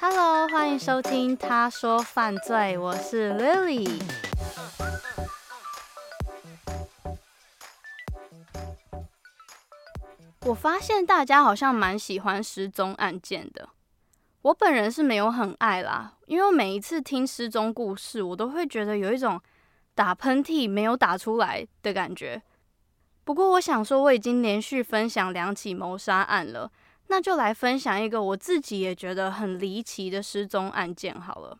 Hello，歡迎收聽《她說犯罪》，我是 Lily。 我發現大家好像蠻喜歡失蹤案件的，我本人是沒有很愛啦，因為每一次聽失蹤故事，我都會覺得有一種打噴嚏沒有打出來的感覺。不過我想說，我已經連續分享兩起謀殺案了。那就來分享一個我自己也覺得很離奇的失蹤案件好了。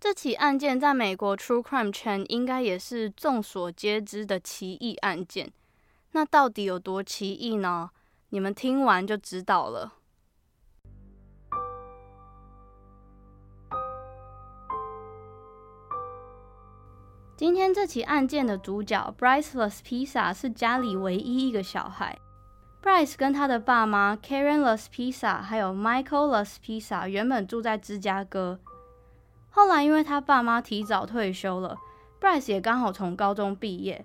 這起案件在美國 True Crime 圈應該也是眾所皆知的奇異案件。那到底有多奇異呢？你們聽完就知道了。今天這起案件的主角 Bryce Laspisa 是家裡唯一一個小孩。Bryce 跟他的爸媽 Karen Laspisa 還有 Michael Laspisa 原本住在芝加哥，後來因為他爸媽提早退休了，Bryce 也剛好從高中畢業，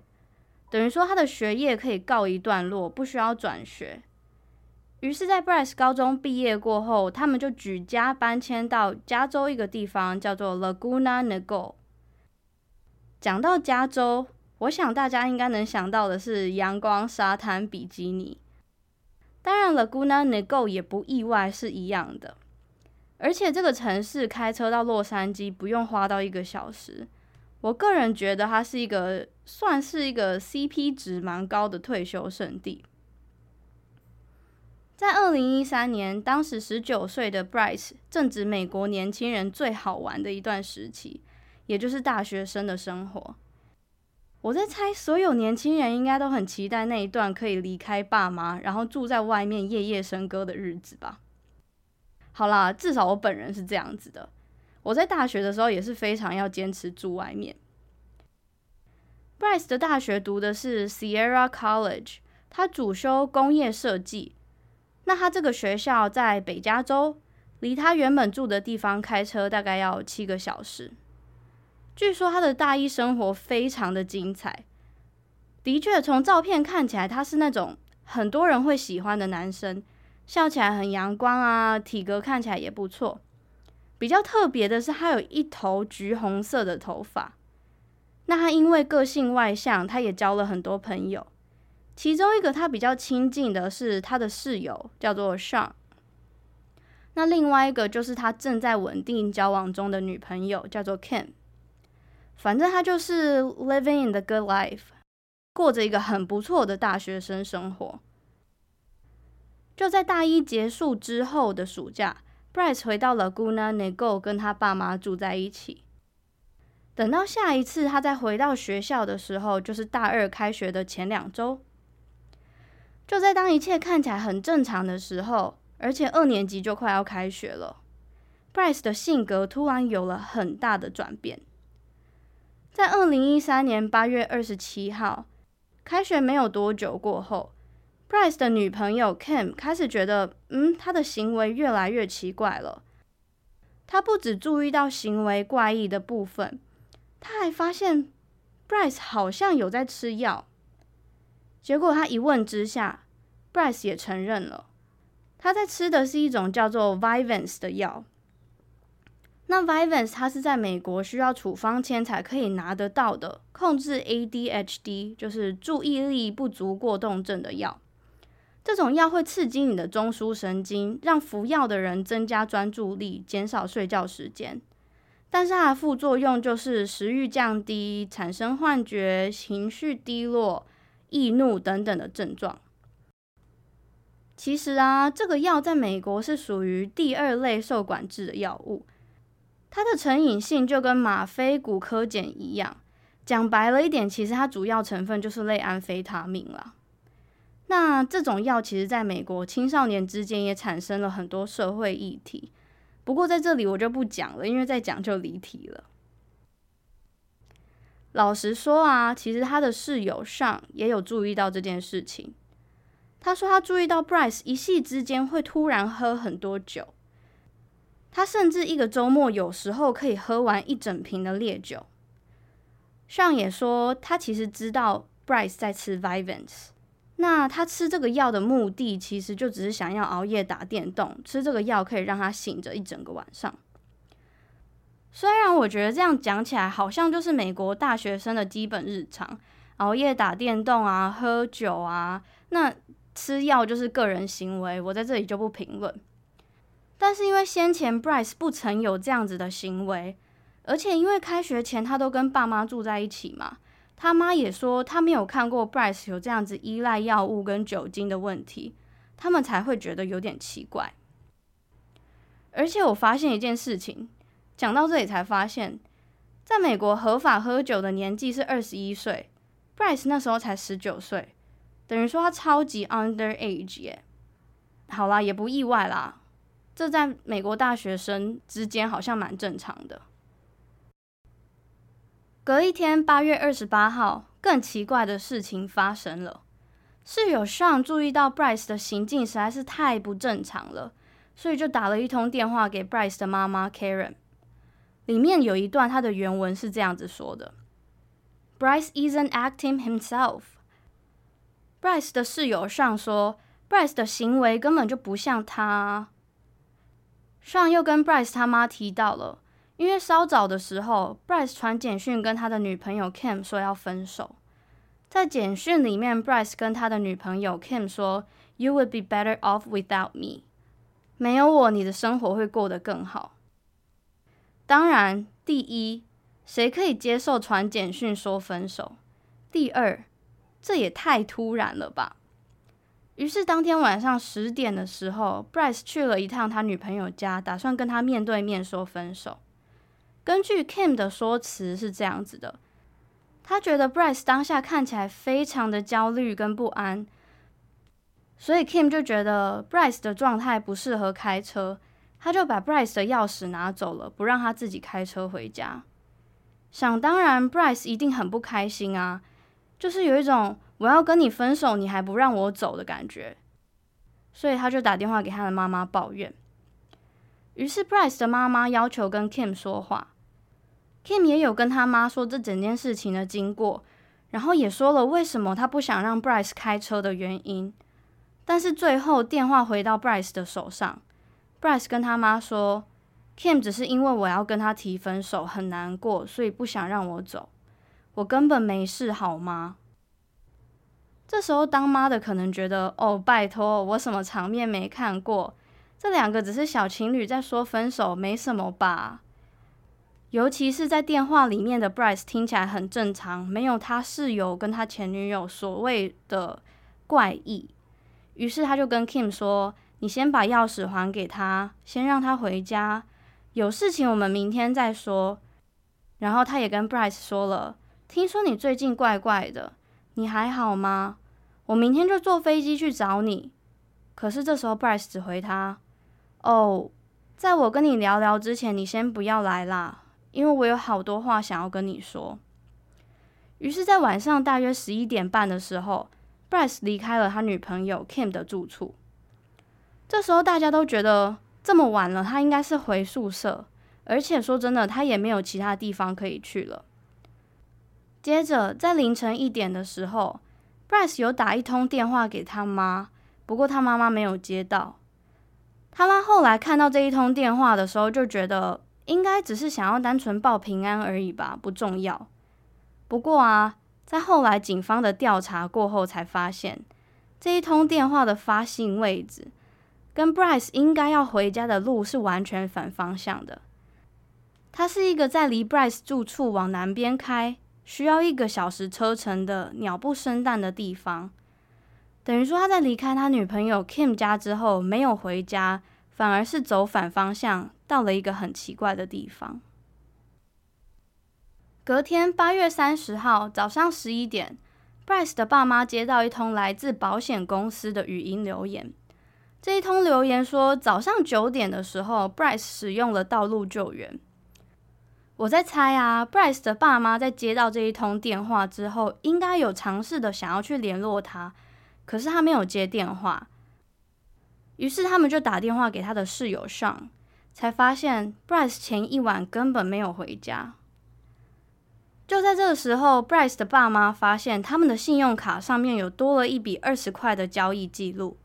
等於說他的學業可以告一段落，不需要轉學。於是，在 Bryce 高中畢業過後，他們就舉家搬遷到加州一個地方，叫做 Laguna Niguel。講到加州，我想大家應該能想到的是陽光、沙灘、比基尼。當然了，Laguna Niguel 也不意外，是一樣的。而且這個城市開車到洛杉磯不用花到一個小時，我個人覺得它是一個算是一個 CP 值蠻高的退休勝地。在二零一三年，當時十九歲的 Bryce 正值美國年輕人最好玩的一段時期，也就是大學生的生活。我在猜，所有年輕人應該都很期待那一段可以離開爸媽，然後住在外面，夜夜笙歌的日子吧。好啦，至少我本人是這樣子的。我在大學的時候也是非常要堅持住外面。Bryce 的大學讀的是 Sierra College，他主修工業設計。那他這個學校在北加州，離他原本住的地方開車大概要七個小時。據說他的大一生活非常的精彩。的確，從照片看起來，他是那種很多人會喜歡的男生，笑起來很陽光啊，體格看起來也不錯。比較特別的是，他有一頭橘紅色的頭髮。那他因為個性外向，他也交了很多朋友。其中一個他比較親近的是他的室友，叫做 Sean。那另外一個就是他正在穩定交往中的女朋友，叫做 Kim。反正他就是 living in the good life，過着一個很不錯的大學生生活。就在大一結束之後的暑假，Bryce 回到了 Laguna Niguel，跟他爸媽住在一起。等到下一次他再回到學校的時候，就是大二開學的前兩周。就在當一切看起來很正常的時候，而且二年級就快要開學了，Bryce 的性格突然有了很大的轉變。在二零一三年八月二十七號，開學沒有多久過後，Bryce 的女朋友 Kim 開始覺得，嗯，他的行為越來越奇怪了。他不只注意到行為怪異的部分，他還發現 Bryce 好像有在吃藥。結果他一問之下，Bryce 也承認了，他在吃的是一種叫做 Vyvanse 的藥。那 Vyvanse 它是在美國需要處方箋才可以拿得到的，控制 ADHD 就是注意力不足過動症的藥。這種藥會刺激你的中樞神經，讓服藥的人增加專注力，減少睡覺時間。但是它的副作用就是食慾降低、產生幻覺、情緒低落、易怒等等的症狀。其實啊，這個藥在美國是屬於第二類受管制的藥物。它的成癮性就跟嗎啡、古柯鹼一樣。講白了一點，其實它主要成分就是類安非他命啦。那這種藥其實在美國青少年之間也產生了很多社會議題。不過在這裡我就不講了，因為再講就離題了。老實說啊，其實他的室友 Sean 也有注意到這件事情。他說他注意到 Bryce 一夕之間會突然喝很多酒。他甚至一個周末有時候可以喝完一整瓶的烈酒。上也說，他其實知道 Bryce 在吃 Vyvanse，那他吃這個藥的目的，其實就只是想要熬夜打電動。吃這個藥可以讓他醒着一整個晚上。雖然我覺得這樣講起來，好像就是美國大學生的基本日常：熬夜打電動啊，喝酒啊。那吃藥就是個人行為，我在這裡就不評論。但是因為先前 Bryce 不曾有這樣子的行為，而且因為開學前他都跟爸媽住在一起嘛，他媽也說他沒有看過 Bryce 有這樣子依賴藥物跟酒精的問題，他們才會覺得有點奇怪。而且我發現一件事情，講到這裡才發現，在美國合法喝酒的年紀是二十一歲，Bryce 那時候才十九歲，等於說他超級 under age 耶、欸。好啦，也不意外啦。這在美國大學生之間好像蠻正常的。隔一天，八月二十八號，更奇怪的事情發生了。室友 Sean 注意到 Bryce 的行徑實在是太不正常了，所以就打了一通電話給 Bryce 的媽媽 Karen。裡面有一段他的原文是這樣子說的：“Bryce isn't acting himself。” Bryce 的室友 Sean 說：“Bryce 的行為根本就不像他。”上又跟 Bryce 他媽提到了，因為稍早的時候，Bryce 傳簡訊跟他的女朋友 Kim 說要分手。在簡訊裡面，Bryce 跟他的女朋友 Kim 說：“You would be better off without me。”沒有我，你的生活會過得更好。當然，第一，誰可以接受傳簡訊說分手？第二，這也太突然了吧。於是當天晚上十點的時候，Bryce 去了一趟他女朋友家，打算跟他面對面說分手。根據 Kim 的說辭是這樣子的，他覺得 Bryce 當下看起來非常的焦慮跟不安，所以 Kim 就覺得 Bryce 的狀態不適合開車，他就把 Bryce 的鑰匙拿走了，不讓他自己開車回家。想當然，Bryce 一定很不開心啊，就是有一種。我要跟你分手，你還不讓我走的感覺，所以他就打電話給他的媽媽抱怨。於是，Bryce 的媽媽要求跟 Kim 說話。Kim 也有跟他媽說這整件事情的經過，然後也說了為什麼他不想讓 Bryce 開車的原因。但是最後電話回到 Bryce 的手上，Bryce 跟他媽說：“Kim 只是因為我要跟他提分手很難過，所以不想讓我走。我根本沒事，好嗎？”這時候當媽的可能覺得哦，拜託，我什麼場面沒看過？這兩個只是小情侶在說分手，沒什麼吧？尤其是在電話裡面的 Bryce 聽起來很正常，沒有他室友跟他前女友所謂的怪異。於是他就跟 Kim 說：“你先把鑰匙還給他，先讓他回家，有事情我們明天再說。”然後他也跟 Bryce 說了：“聽說你最近怪怪的，你還好嗎？”我明天就坐飛機去找你。可是這時候，Bryce 只回他：“哦，在我跟你聊聊之前，你先不要來啦，因為我有好多話想要跟你說。”於是，在晚上大約十一點半的時候，Bryce 離開了他女朋友 Kim 的住處。這時候，大家都覺得這麼晚了，他應該是回宿舍。而且說真的，他也沒有其他地方可以去了。接着，在凌晨一點的時候。Bryce 有打一通電話給他媽，不過他媽媽沒有接到。他媽後來看到這一通電話的時候，就覺得應該只是想要單純報平安而已吧，不重要。不過啊，在後來警方的調查過後，才發現這一通電話的發信位置跟 Bryce 應該要回家的路是完全反方向的。他是一個在離 Bryce 住處往南邊開。需要一個小時車程的鳥不生蛋的地方，等於說他在離開他女朋友 Kim 家之後沒有回家，反而是走反方向，到了一個很奇怪的地方。隔天八月三十號早上十一點，Bryce 的爸媽接到一通來自保險公司的語音留言。這一通留言說，早上九點的時候，Bryce 使用了道路救援。我在猜啊，Bryce 的爸媽在接到這一通電話之後，應該有嘗試的想要去聯絡他，可是他沒有接電話，於是他們就打電話給他的室友上，才發現 Bryce 前一晚根本沒有回家。就在這個時候，Bryce 的爸媽發現他們的信用卡上面有多了一筆二十塊的交易記錄，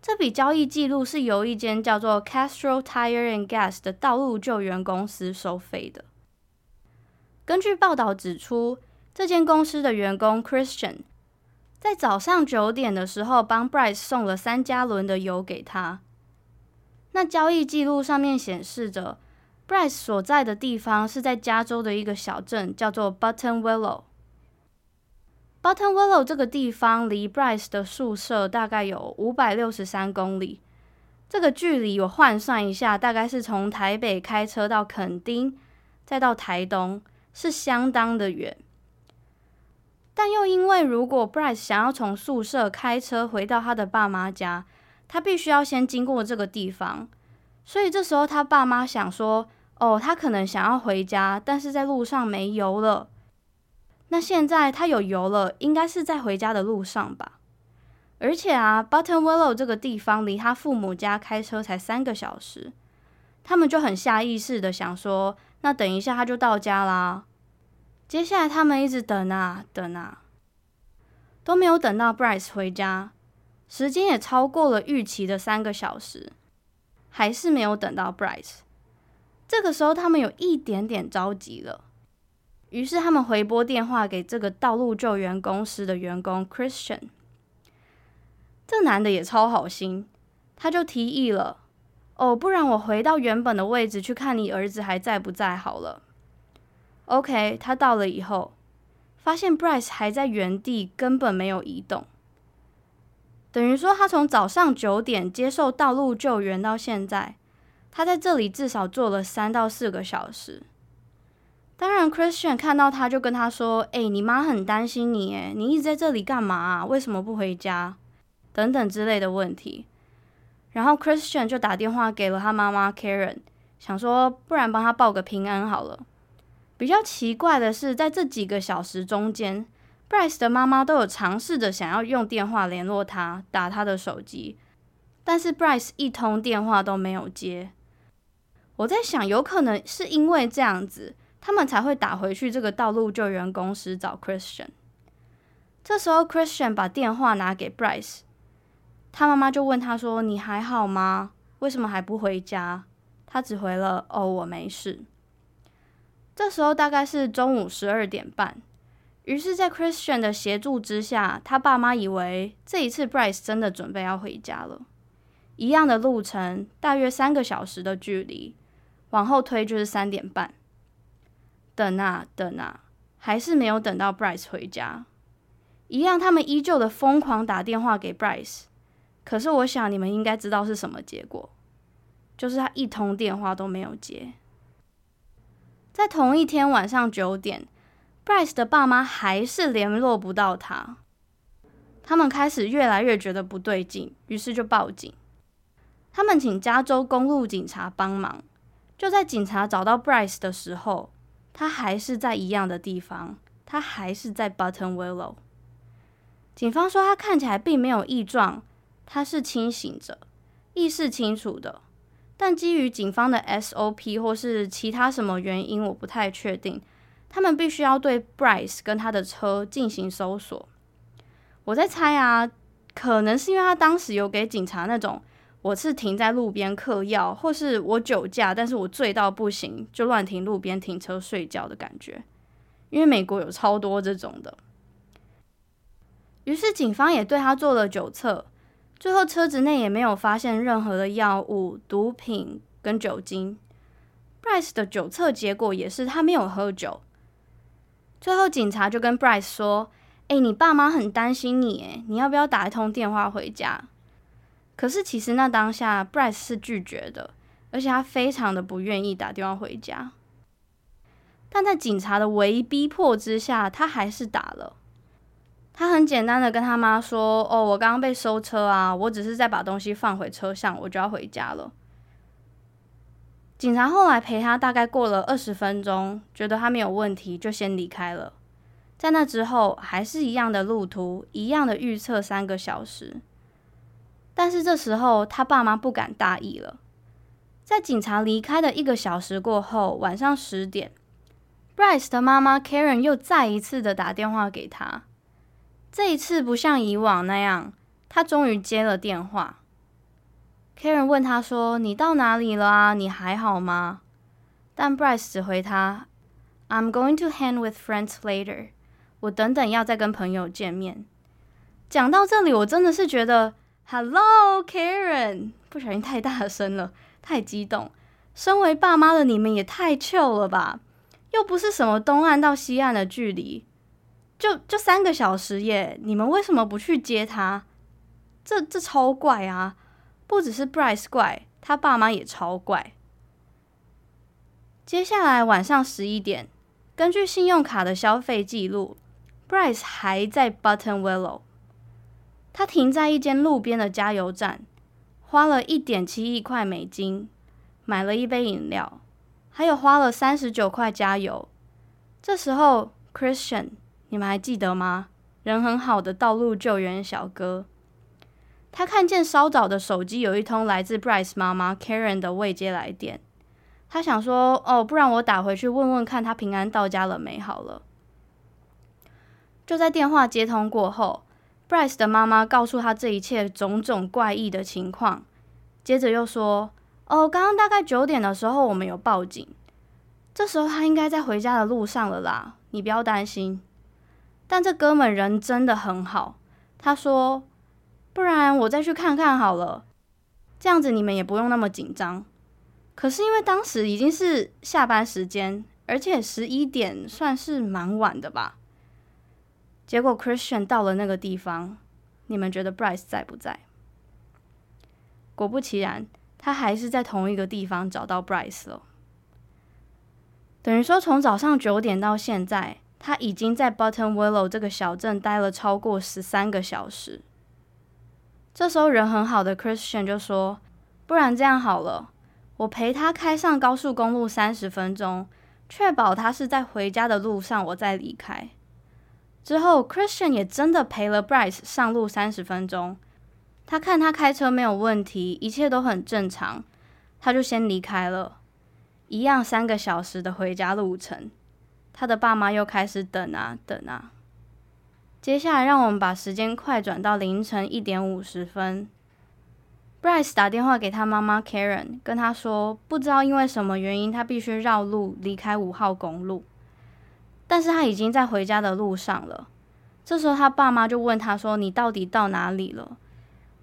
這筆交易記錄是由一間叫做 Castro Tire and Gas 的道路救援公司收費的。根據報道指出，這間公司的員工 Christian 在早上九點的時候幫 Bryce 送了三加侖的油給他。那交易記錄上面顯示着，Bryce 所在的地方是在加州的一個小鎮，叫做 Buttonwillow。Buttonwillow 這個地方離 Bryce 的宿舍大概有五百六十三公里。這個距離我換算一下，大概是從台北開車到墾丁，再到台東。是相當的遠，但又因為如果 Bryce 想要從宿舍開車回到他的爸媽家，他必須要先經過這個地方，所以這時候他爸媽想說：“哦，他可能想要回家，但是在路上沒油了。那現在他有油了，應該是在回家的路上吧？而且啊，Buttonwillow 這個地方離他父母家開車才三個小時，他們就很下意識地想說：那等一下他就到家啦。”接下來他們一直等啊等啊，都沒有等到 Bryce 回家，時間也超過了預期的三個小時，還是沒有等到 Bryce。這個時候他們有一點點着急了，於是他們回撥電話給這個道路救援公司的員工 Christian。這男的也超好心，他就提議了：“哦，不然我回到原本的位置去看你兒子還在不在好了。” OK，他到了以後，發現 Bryce 還在原地，根本沒有移動。等於說，他從早上九點接受道路救援到現在，他在這裡至少坐了三到四個小時。當然，Christian 看到他就跟他說：“哎、欸，你媽很擔心你，哎，你一直在這裡幹嘛啊？為什麼不回家？等等之類的問題。”然後 Christian 就打電話給了他媽媽 Karen，想說：“不然幫他報個平安好了。”比較奇怪的是，在這幾個小時中間，Bryce 的媽媽都有嘗試着想要用電話聯絡他，打他的手機，但是 Bryce 一通電話都沒有接。我在想，有可能是因為這樣子，他們才會打回去這個道路救援公司找 Christian。這時候 Christian 把電話拿給 Bryce，他媽媽就問他說：“你還好嗎？為什麼還不回家？”他只回了：“哦，我沒事。”這時候大概是中午十二點半，於是，在 Christian 的協助之下，他爸媽以為這一次 Bryce 真的準備要回家了。一樣的路程，大約三個小時的距離，往後推就是三點半。等啊等啊，還是沒有等到 Bryce 回家。一樣，他們依舊的瘋狂打電話給 Bryce，可是我想你們應該知道是什麼結果，就是他一通電話都沒有接。在同一天晚上九點，Bryce 的爸媽還是聯絡不到他，他們開始越來越覺得不對勁，於是就報警。他們請加州公路警察幫忙。就在警察找到 Bryce 的時候，他還是在一樣的地方，他還是在 Buttonwillow。警方說他看起來並沒有異狀，他是清醒着，意識清楚的。但基於警方的 SOP 或是其他什麼原因，我不太確定，他們必須要對 Bryce 跟他的車進行搜索。我在猜啊，可能是因為他當時有給警察那種“我是停在路邊嗑藥，或是我酒駕，但是我醉到不行就亂停路邊停車睡覺”的感覺，因為美國有超多這種的。於是警方也對他做了酒測。最後，車子內也沒有發現任何的藥物、毒品跟酒精。Bryce 的酒測結果也是他沒有喝酒。最後，警察就跟 Bryce 說：“哎、欸，你爸媽很擔心你，哎，你要不要打一通電話回家？”可是，其實那當下 Bryce 是拒絕的，而且他非常的不願意打電話回家。但在警察的唯一逼迫之下，他還是打了。他很簡單的跟他媽說：“哦，我剛剛被收車啊，我只是在把東西放回車上，我就要回家了。”警察後來陪他大概過了二十分鐘，覺得他沒有問題，就先離開了。在那之後，還是一樣的路途，一樣的預測三個小時。但是這時候，他爸媽不敢大意了。在警察離開的一個小時過後，晚上十點，Bryce 的媽媽 Karen 又再一次的打電話給他。這一次不像以往那樣，他終於接了電話。Karen 問他說：“你到哪裡了啊？你還好嗎？”但 Bryce 只回他：“I'm going to hang with friends later。我等等要再跟朋友見面。”講到這裡，我真的是覺得 “Hello, Karen！” 不小心太大聲了，太激動。身為爸媽的你們也太 chill 了吧？又不是什麼東岸到西岸的距離。就就三個小時耶！你們為什麼不去接他？這這超怪啊！不只是 Bryce 怪，他爸媽也超怪。接下來晚上十一點，根據信用卡的消費記錄，Bryce 還在 Buttonwillow。他停在一間路邊的加油站，花了一點七億塊美金買了一杯飲料，還有花了三十九塊加油。這時候 Christian，你們還記得嗎？人很好的道路救援小哥，他看見稍早的手機有一通來自 Bryce 媽媽 Karen 的未接來電，他想說：“哦，不然我打回去問問看，他平安到家了沒？”美好了，就在電話接通過後，Bryce 的媽媽告訴他這一切種種怪異的情況，接着又說：“哦，剛剛大概九點的時候我們有報警，這時候他應該在回家的路上了啦，你不要擔心。”但這哥們人真的很好，他說：“不然我再去看看好了，這樣子你們也不用那麼緊張。”可是因為當時已經是下班時間，而且十一點算是蠻晚的吧。結果 Christian 到了那個地方，你們覺得 Bryce 在不在？果不其然，他還是在同一個地方找到 Bryce 了。等於說，從早上九點到現在。他已經在 Buttonwillow 這個小鎮待了超過十三個小時。這時候人很好的 Christian 就說：“不然這樣好了，我陪他開上高速公路三十分鐘，確保他是在回家的路上，我再離開。”之後 Christian 也真的陪了 Bryce 上路三十分鐘。他看他開車沒有問題，一切都很正常，他就先離開了。一樣三個小時的回家路程。他的爸媽又開始等啊等啊。接下來，讓我們把時間快轉到凌晨一點五十分。Bryce 打電話給他媽媽 Karen，跟他說，不知道因為什麼原因，他必須繞路離開五號公路，但是他已經在回家的路上了。這時候，他爸媽就問他說：“你到底到哪裡了？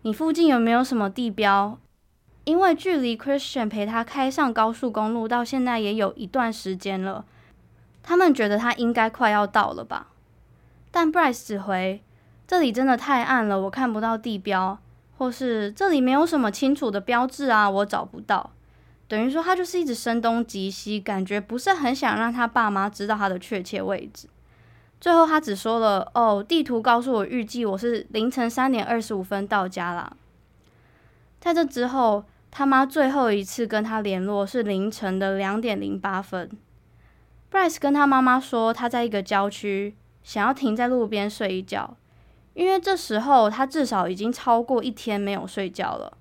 你附近有沒有什麼地標？”因為距離 Christian 陪他開上高速公路到現在也有一段時間了。他們覺得他應該快要到了吧，但 Bryce 只回這裡真的太暗了，我看不到地標，或是這裡沒有什麼清楚的標誌啊，我找不到。等於說他就是一直聲東擊西，感覺不是很想讓他爸媽知道他的確切位置。最後他只說了：“哦，地圖告訴我預計我是凌晨三點二十五分到家啦。”在這之後，他媽最後一次跟他聯絡是凌晨的兩點零八分。Bryce 跟他媽媽說，他在一個郊區想要停在路邊睡一覺，因為這時候他至少已經超過一天沒有睡覺了。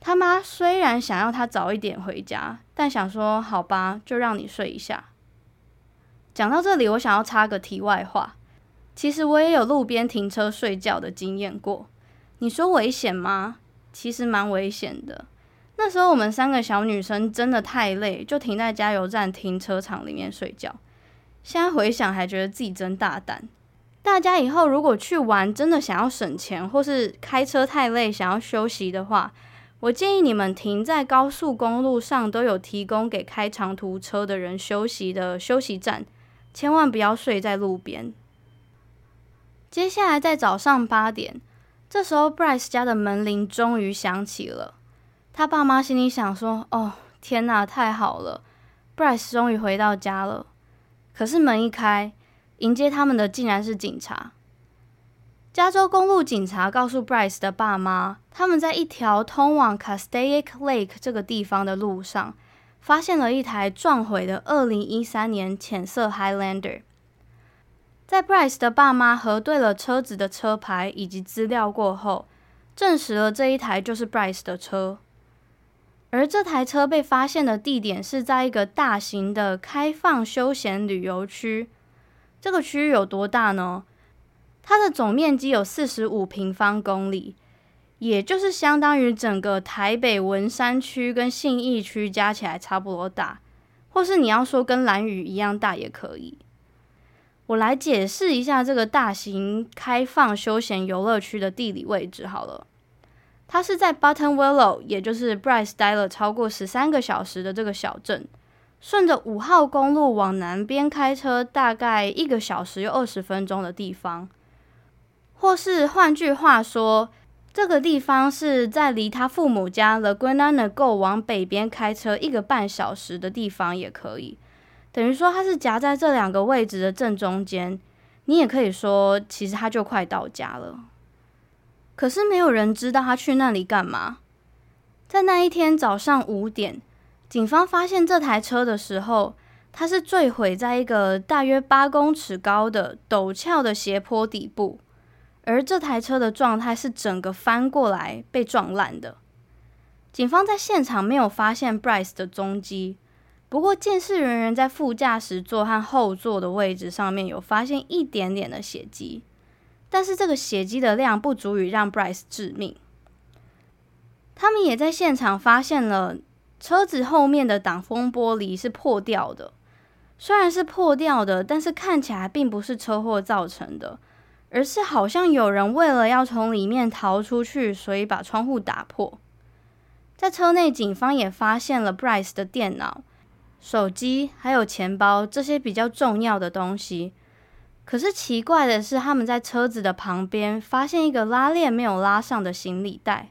他媽雖然想要他早一點回家，但想說好吧，就讓你睡一下。講到這裡，我想要插個題外話，其實我也有路邊停車睡覺的經驗過。你說危險嗎？其實蠻危險的。那時候我們三個小女生真的太累，就停在加油站停車場裡面睡覺。現在回想還覺得自己真大膽。大家以後如果去玩，真的想要省錢，或是開車太累，想要休息的話，我建議你們停在高速公路上都有提供給開長途車的人休息的休息站，千萬不要睡在路邊。接下來在早上八點，這時候 Bryce 家的門鈴終於響起了。他爸媽心裡想說：“哦，天哪，太好了，Bryce 終於回到家了。”可是門一開，迎接他們的竟然是警察。加州公路警察告訴 Bryce 的爸媽，他們在一條通往 Castaic Lake 這個地方的路上，發現了一台撞毀的2013年淺色 Highlander。在 Bryce 的爸媽核對了車子的車牌以及資料過後，證實了這一台就是 Bryce 的車。而這台車被發現的地點是在一個大型的開放休閒旅遊區。這個區域有多大呢？它的總面積有四十五平方公里，也就是相當於整個台北文山區跟信義區加起來差不多大，或是你要說跟蘭嶼一樣大也可以。我來解釋一下這個大型開放休閒遊樂區的地理位置好了。他是在 Button Willow，也就是 Bryce 待了超過十三個小時的這個小鎮，順着五號公路往南邊開車大概一個小時又二十分鐘的地方，或是換句話說，這個地方是在離他父母家 Laguna Niguel 往北邊開車一個半小時的地方，也可以。等於說，他是夾在這兩個位置的正中間。你也可以說，其實他就快到家了。可是沒有人知道他去那裡幹嘛。在那一天早上五點，警方發現這台車的時候，它是墜毀在一個大約八公尺高的陡峭的斜坡底部，而這台車的狀態是整個翻過來被撞爛的。警方在現場沒有發現 Bryce 的蹤跡，不過鑑識人員在副駕駛座和後座的位置上面有發現一點點的血跡。但是這個血跡的量不足以讓 Bryce 致命。他們也在現場發現了車子後面的擋風玻璃是破掉的，雖然是破掉的，但是看起來並不是車禍造成的，而是好像有人為了要從裡面逃出去，所以把窗戶打破。在車內，警方也發現了 Bryce 的電腦、手機還有錢包這些比較重要的東西。可是奇怪的是，他們在車子的旁邊發現一個拉鏈沒有拉上的行李袋。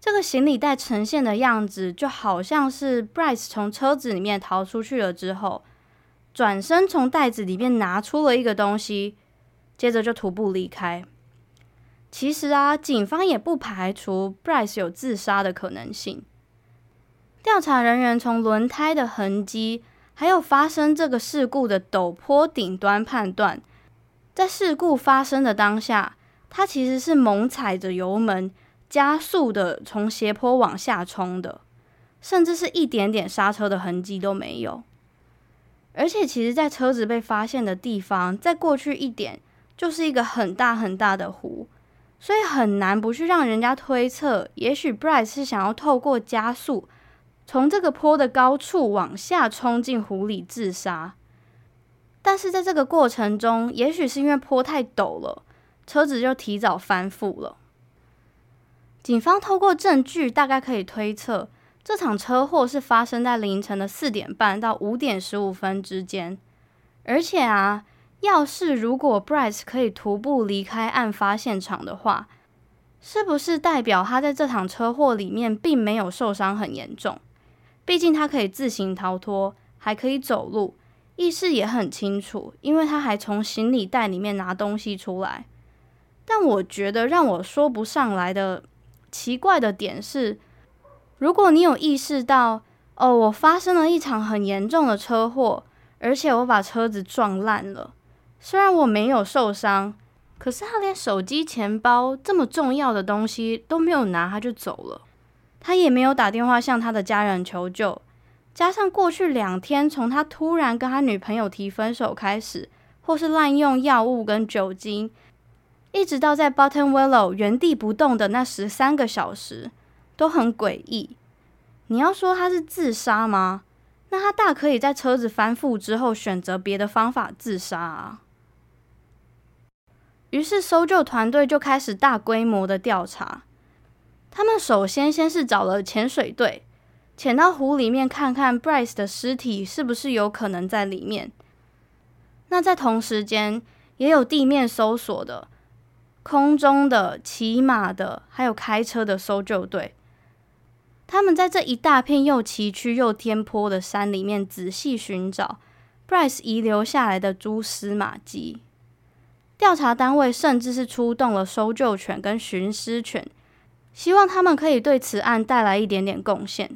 這個行李袋呈現的樣子，就好像是 Bryce 從車子裡面逃出去了之後，轉身從袋子裡面拿出了一個東西，接着就徒步離開。其實啊，警方也不排除 Bryce 有自殺的可能性。調查人員從輪胎的痕跡，還有發生這個事故的陡坡頂端判斷，在事故發生的當下，它其實是猛踩着油門加速的，從斜坡往下衝的，甚至是一點點剎車的痕跡都沒有。而且，其實，在車子被發現的地方，再過去一點就是一個很大很大的湖，所以很難不去讓人家推測，也許 Bryce 是想要透過加速。從這個坡的高處往下衝進湖裡自殺，但是在這個過程中，也許是因為坡太陡了，車子就提早翻覆了。警方透過證據大概可以推測，這場車禍是發生在凌晨的四點半到五點十五分之間。而且啊，要是如果 Bryce 可以徒步離開案發現場的話，是不是代表他在這場車禍裡面並沒有受傷很嚴重？畢竟他可以自行逃脫，還可以走路，意識也很清楚，因為他還從行李袋裡面拿東西出來。但我覺得讓我說不上來的奇怪的點是，如果你有意識到，哦，我發生了一場很嚴重的車禍，而且我把車子撞爛了，雖然我沒有受傷，可是他連手機、錢包這麼重要的東西都沒有拿，他就走了。他也沒有打電話向他的家人求救，加上過去兩天從他突然跟他女朋友提分手開始，或是濫用藥物跟酒精，一直到在 Button Willow 原地不動的那十三個小時，都很詭異。你要說他是自殺嗎？那他大可以在車子翻覆之後選擇別的方法自殺啊。於是搜救團隊就開始大規模的調查。他們首先先是找了潛水隊，潛到湖裡面看看 Bryce 的屍體是不是有可能在裡面。那在同時間也有地面搜索的、空中的、騎馬的，還有開車的搜救隊。他們在這一大片又崎嶇又天坡的山裡面仔細尋找 Bryce 遺留下來的蛛絲馬跡。調查單位甚至是出動了搜救犬跟尋屍犬。希望他們可以對此案帶來一點點貢獻。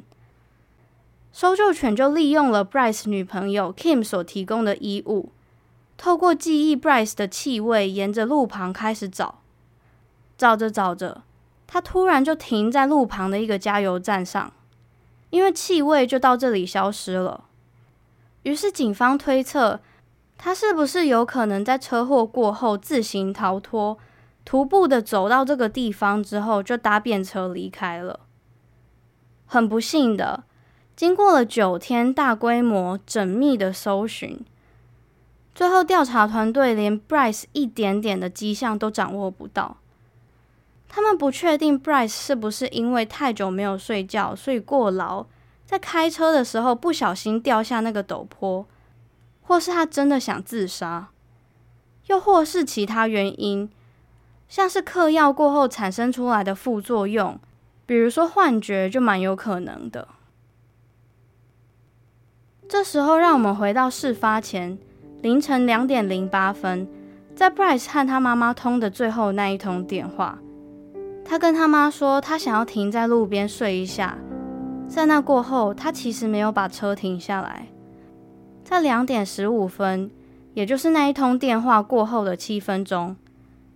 搜救犬就利用了 Bryce 女朋友 Kim 所提供的衣物，透過記憶 Bryce 的氣味，沿着路旁開始找。找着找着，它突然就停在路旁的一個加油站上，因為氣味就到這裡消失了。於是警方推測，他是不是有可能在車禍過後自行逃脫？徒步的走到這個地方之後，就搭便車離開了。很不幸的，經過了九天大規模、縝密的搜尋，最後調查團隊連 Bryce 一點點的跡象都掌握不到。他們不確定 Bryce 是不是因為太久沒有睡覺，所以過勞，在開車的時候不小心掉下那個陡坡，或是他真的想自殺，又或是其他原因。像是嗑藥過後產生出來的副作用，比如說幻覺，就蠻有可能的。這時候，讓我們回到事發前，凌晨兩點零八分，在 Bryce 和他媽媽通的最後那一通電話，他跟他媽說他想要停在路邊睡一下。在那過後，他其實沒有把車停下來。在兩點十五分，也就是那一通電話過後的七分鐘。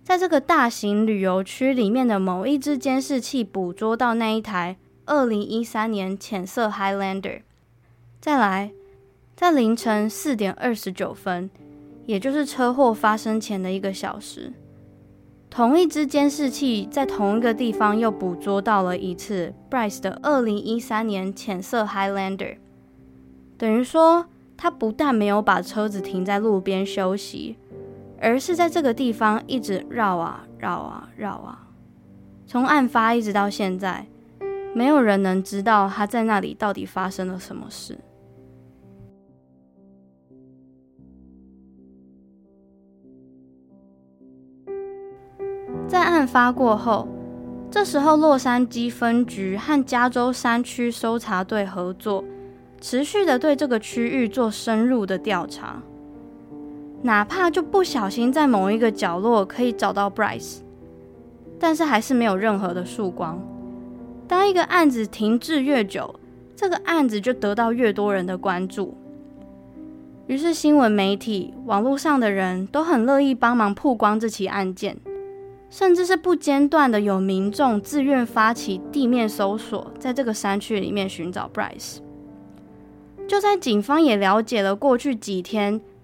在這個大型旅遊區裡面的某一隻監視器捕捉到那一台2013年淺色 Highlander。再來，在凌晨4點29分，也就是車禍發生前的一個小時，同一隻監視器在同一個地方又捕捉到了一次 Bryce 的2013年淺色 Highlander。等於說，他不但沒有把車子停在路邊休息。而是在這個地方一直繞啊繞啊繞啊，從、啊啊、案發一直到現在，沒有人能知道他在那裡到底發生了什麼事。在案發過後，這時候洛杉磯分局和加州山區搜查隊合作，持續的對這個區域做深入的調查。哪怕，就不小心在某一個角落可以找到 Bryce，但是還是沒有任何的曙光。當一個案子停滯越久，這個案子就得到越多人的關注。於是新聞媒體、網絡上的人都很樂意幫忙曝光這起案件，甚至是不間斷的有民眾自願發起地面搜索，在這個山區裡面尋找 Bryce。就在警方也了解了過去幾天，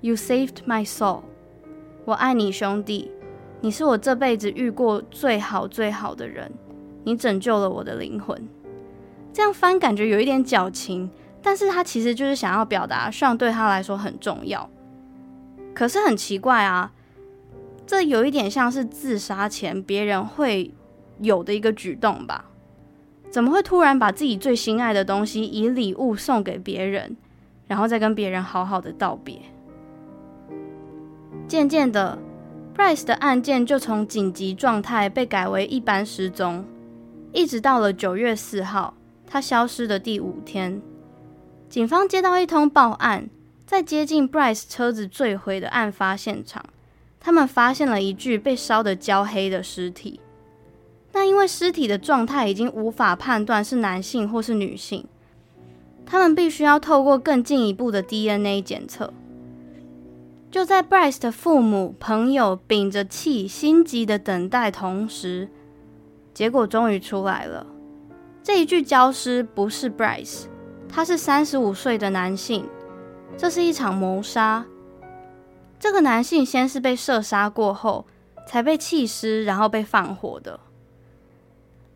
You saved my soul，我愛你，兄弟，你是我這輩子遇過最好最好的人，你拯救了我的靈魂。這樣翻感覺有一點矯情，但是他其實就是想要表達，上對他來說很重要，可是很奇怪啊，這有一點像是自殺前別人會有的一個舉動吧？怎麼會突然把自己最心愛的東西以禮物送給別人，然後再跟別人好好的道別？漸漸的，Bryce 的案件就從緊急狀態被改為一般失蹤，一直到了九月四號，他消失的第五天，警方接到一通報案，在接近 Bryce 車子墜毀的案發現場，他們發現了一具被燒得焦黑的屍體。那因為屍體的狀態已經無法判斷是男性或是女性，他們必須要透過更進一步的 DNA 檢測。就在 Bryce 的父母、朋友屏着氣、心急的等待同時，結果終於出來了。這一具焦屍不是 Bryce，他是三十五歲的男性。這是一場謀殺。這個男性先是被射殺，過後才被棄屍，然後被放火的。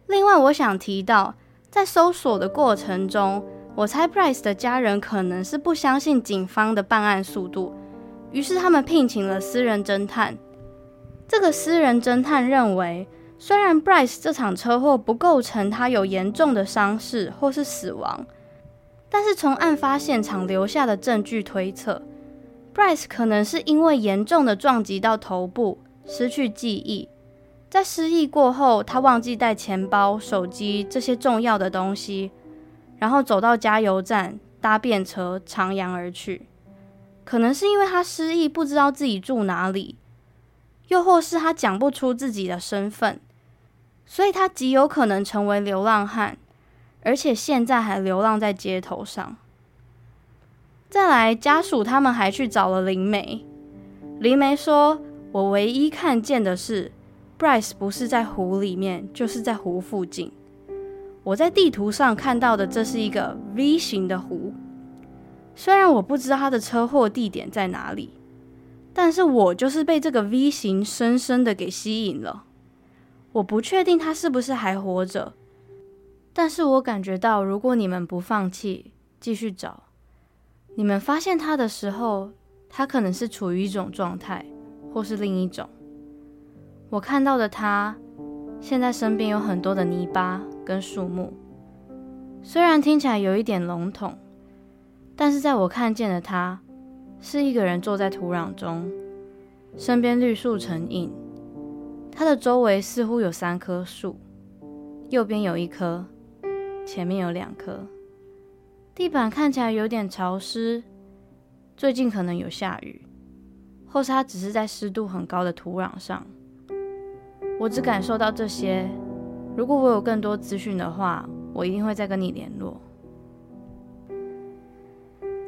另外，我想提到，在搜索的過程中，我猜 Bryce 的家人可能是不相信警方的辦案速度。於是他們聘請了私人偵探。這個私人偵探認為，雖然 Bryce 這場車禍不構成他有嚴重的傷勢或是死亡，但是從案發現場留下的證據推測，Bryce 可能是因為嚴重的撞擊到頭部失去記憶，在失憶過後，他忘記帶錢包、手機這些重要的東西，然後走到加油站搭便車，揚長而去。可能是因為他失憶，不知道自己住哪裡，又或是他講不出自己的身份，所以他極有可能成為流浪漢，而且現在還流浪在街頭上。再來，家屬他們還去找了靈媒，靈媒說：“我唯一看見的是，Bryce 不是在湖裡面，就是在湖附近。我在地圖上看到的，這是一個 V 型的湖。”雖然我不知道他的車禍地點在哪裡，但是我就是被這個 V 型深深的給吸引了。我不確定他是不是還活着，但是我感覺到，如果你們不放棄，繼續找，你們發現他的時候，他可能是處於一種狀態，或是另一種。我看到的他，現在身邊有很多的泥巴跟樹木。雖然聽起來有一點籠統。但是在我看見的他，是一個人坐在土壤中，身邊綠樹成蔭。他的周圍似乎有三棵樹，右邊有一棵，前面有兩棵。地板看起來有點潮濕，最近可能有下雨，或是他只是在濕度很高的土壤上。我只感受到這些。如果我有更多資訊的話，我一定會再跟你聯絡。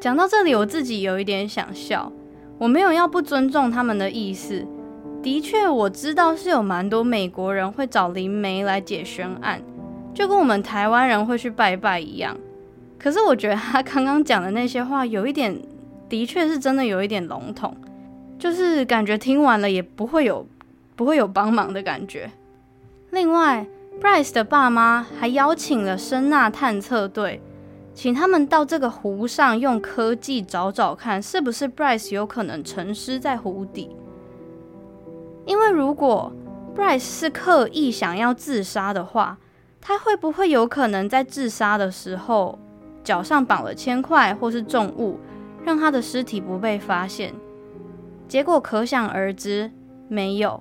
講到這裡，我自己有一點想笑。我沒有要不尊重他們的意思。的確，我知道是有蠻多美國人會找靈媒來解懸案，就跟我們台灣人會去拜拜一樣。可是我覺得他剛剛講的那些話，有一點的確是真的，有一點籠統，就是感覺聽完了也不會有不會有幫忙的感覺。另外，Bryce 的爸媽還邀請了聲納探測隊。請他們到這個湖上用科技找找看，是不是 Bryce 有可能沉屍在湖底？因為如果 Bryce 是刻意想要自殺的話，他會不會有可能在自殺的時候腳上綁了鉛塊或是重物，讓他的屍體不被發現？結果可想而知，沒有。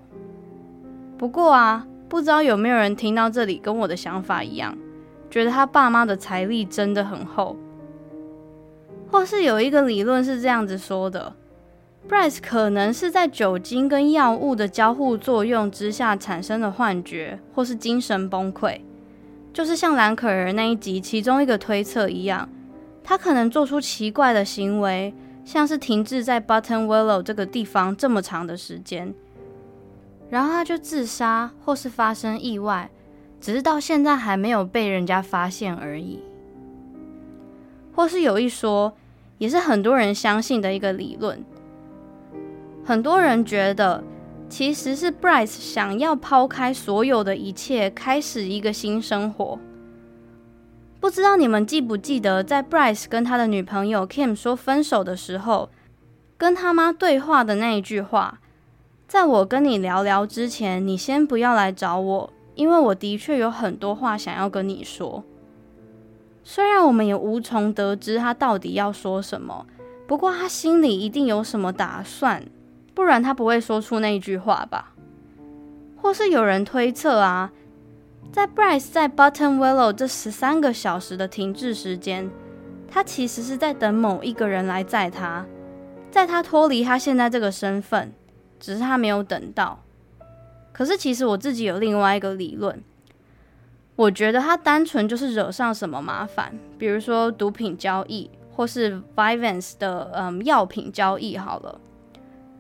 不過啊，不知道有沒有人聽到這裡跟我的想法一樣？覺得他爸媽的財力真的很厚，或是有一個理論是這樣子說的：Bryce 可能是在酒精跟藥物的交互作用之下產生了幻覺，或是精神崩潰，就是像藍可兒那一集其中一個推測一樣，他可能做出奇怪的行為，像是停滯在 Button Willow 這個地方這麼長的時間，然後他就自殺或是發生意外。只是到現在還沒有被人家發現而已，或是有一說，也是很多人相信的一個理論。很多人覺得，其實是 Bryce 想要拋開所有的一切，開始一個新生活。不知道你們記不記得，在 Bryce 跟他的女朋友 Kim 說分手的時候，跟他媽對話的那一句話：“在我跟你聊聊之前，你先不要來找我。”因為我的確有很多話想要跟你說，雖然我們也無從得知他到底要說什麼，不過他心裡一定有什麼打算，不然他不會說出那句話吧。或是有人推測啊，在 Bryce 在 Button Willow 這十三個小時的停滯時間，他其實是在等某一個人來載他，載他脫離他現在這個身份，只是他沒有等到。可是，其實我自己有另外一個理論，我覺得他單純就是惹上什麼麻煩，比如說毒品交易，或是 Vyvanse 的嗯藥品交易好了，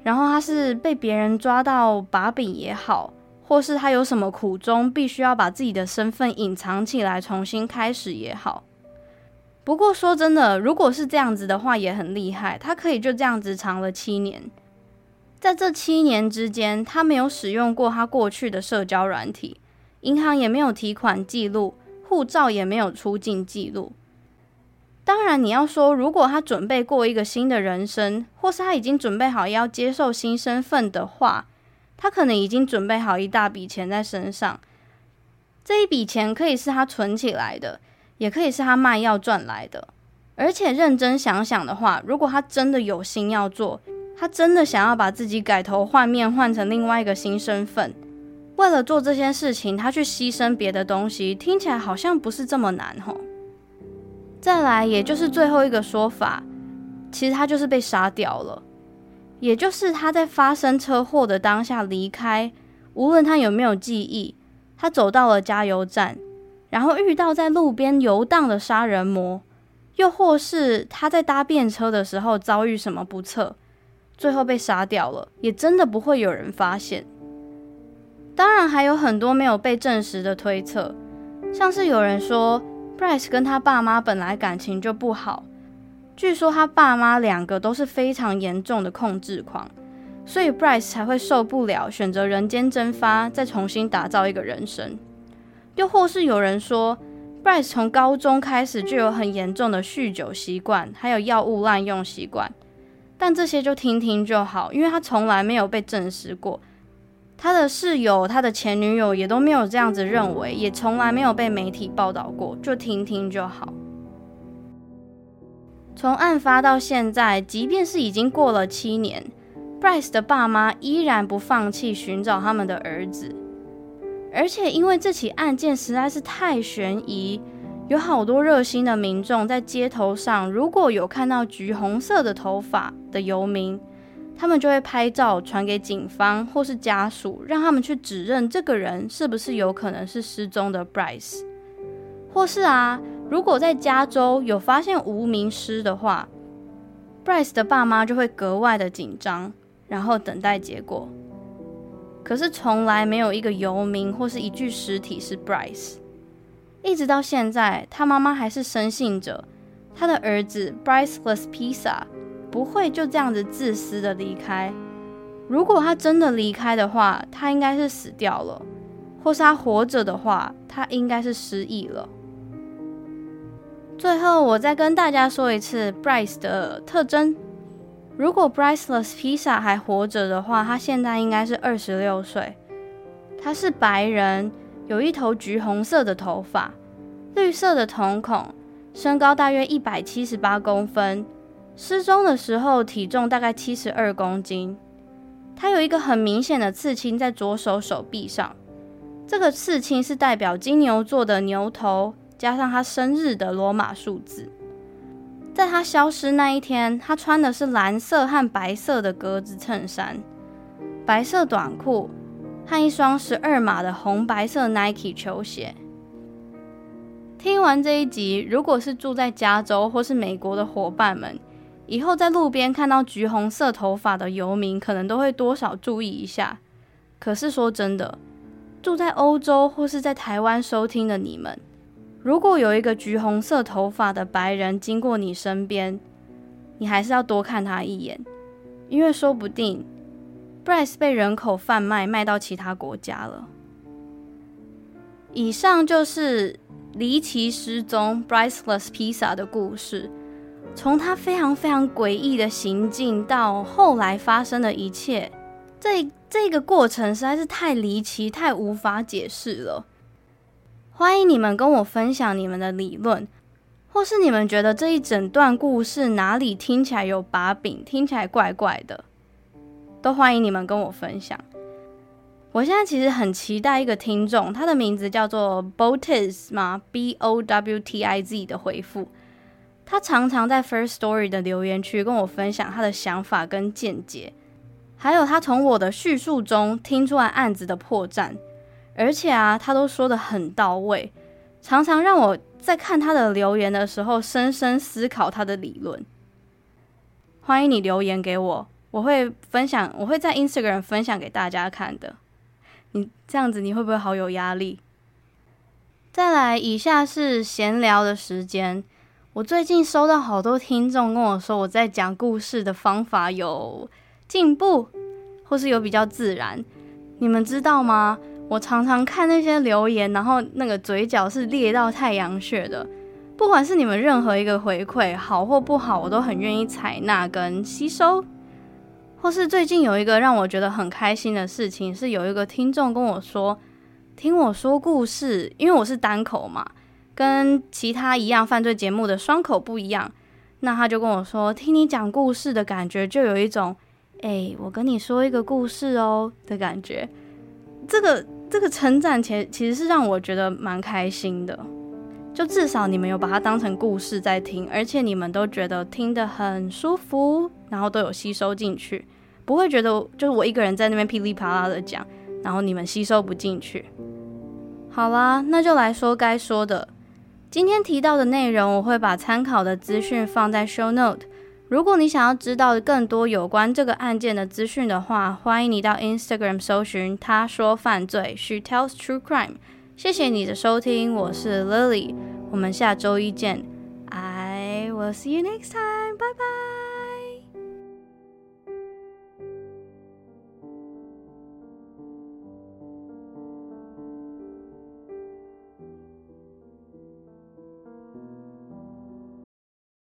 然後他是被別人抓到把柄也好，或是他有什麼苦衷，必須要把自己的身份隱藏起來，重新開始也好。不過說真的，如果是這樣子的話，也很厲害，他可以就這樣子藏了七年。在這七年之間，他沒有使用過他過去的社交軟體，銀行也沒有提款記錄，護照也沒有出境記錄。當然，你要說如果他準備過一個新的人生，或是他已經準備好要接受新身份的話，他可能已經準備好一大筆錢在身上。這一筆錢可以是他存起來的，也可以是他賣藥賺來的。而且認真想想的話，如果他真的有心要做，他真的想要把自己改頭換面，換成另外一個新身份。為了做這些事情，他去犧牲別的東西，聽起來好像不是這麼難吼、哦。再來，也就是最後一個說法，其實他就是被殺掉了。也就是他在發生車禍的當下離開，無論他有沒有記憶，他走到了加油站，然後遇到在路邊遊蕩的殺人魔，又或是他在搭便車的時候遭遇什麼不測。最後被殺掉了，也真的不會有人發現。當然還有很多沒有被證實的推測，像是有人說 Bryce 跟他爸媽本來感情就不好，據說他爸媽兩個都是非常嚴重的控制狂，所以 Bryce 才會受不了選擇人間蒸發，再重新打造一個人生。又或是有人說 Bryce 從高中開始就有很嚴重的酗酒習慣，還有藥物濫用習慣。但這些就聽聽就好，因為他從來沒有被證實過。他的室友、他的前女友也都沒有這樣子認為，也從來沒有被媒體報道過。就聽聽就好。從案發到現在，即便是已經過了七年，Bryce 的爸媽依然不放棄尋找他們的兒子。而且，因為這起案件實在是太懸疑。有好多熱心的民眾在街頭上，如果有看到橘紅色的頭髮的游民，他們就會拍照傳給警方或是家屬，讓他們去指認這個人是不是有可能是失蹤的 Bryce。或是啊，如果在加州有發現無名屍的話，Bryce 的爸媽就會格外的緊張，然後等待結果。可是從來沒有一個游民或是一具屍體是 Bryce。一直到現在，他媽媽還是深信着他的兒子 Bryce Laspisa 不會就這樣子自私的離開。如果他真的離開的話，他應該是死掉了；或是他活着的話，他應該是失憶了。最後，我再跟大家說一次 Bryce 的特徵：如果 Bryce Laspisa 還活着的話，他現在應該是二十六歲，他是白人。有一頭橘紅色的頭髮，綠色的瞳孔，身高大約一百七十八公分，失蹤的時候體重大概七十二公斤。他有一個很明顯的刺青在左手手臂上，這個刺青是代表金牛座的牛頭加上他生日的羅馬數字。在他消失那一天，他穿的是藍色和白色的格子襯衫，白色短褲，和一雙十二碼的紅白色 Nike 球鞋。聽完這一集，如果是住在加州或是美國的夥伴們，以後在路邊看到橘紅色頭髮的遊民，可能都會多少注意一下。可是說真的，住在歐洲或是在台灣收聽的你們，如果有一個橘紅色頭髮的白人經過你身邊，你還是要多看他一眼，因為說不定，Bryce 被人口販賣賣到其他國家了。以上就是離奇失蹤 Bryce Laspisa 的故事，從他非常非常詭異的行徑到後來發生的一切，這這個過程實在是太離奇、太無法解釋了。歡迎你們跟我分享你們的理論，或是你們覺得這一整段故事哪裡聽起來有把柄，聽起來怪怪的。都歡迎你們跟我分享。我現在其實很期待一個聽眾，他的名字叫做 Botiz 嘛 B O W T I Z 的回復。他常常在 First Story 的留言區跟我分享他的想法跟見解，還有他從我的敘述中聽出來案子的破綻。而且啊，他都說的很到位，常常讓我在看他的留言的時候深深思考他的理論。歡迎你留言給我。我會分享，我會在 Instagram 分享給大家看的。你這樣子你會不會好有壓力？再來，以下是閒聊的時間。我最近收到好多聽眾跟我說，我在講故事的方法有進步，或是有比較自然。你們知道嗎？我常常看那些留言，然後那個嘴角是裂到太陽穴的。不管是你們任何一個回饋，好或不好，我都很願意採納跟吸收。或是最近有一個讓我覺得很開心的事情，是有一個聽眾跟我說，聽我說故事，因為我是單口嘛，跟其他一樣犯罪節目的雙口不一樣。那他就跟我說，聽你講故事的感覺，就有一種，哎，我跟你說一個故事哦的感覺。這個這個稱讚，其其實是讓我覺得蠻開心的。就至少你們有把它當成故事在聽，而且你們都覺得聽得很舒服，然後都有吸收進去。不會覺得就是我一個人在那邊噼里啪啦的講，然後你們吸收不進去。好啦，那就來說該說的。今天提到的內容，我會把參考的資訊放在 show note。如果你想要知道更多有關這個案件的資訊的話，歡迎你到 Instagram 搜尋，他說犯罪，She Tells True Crime。謝謝你的收聽，我是 Lily，我們下周一見。I will see you next time. Bye bye。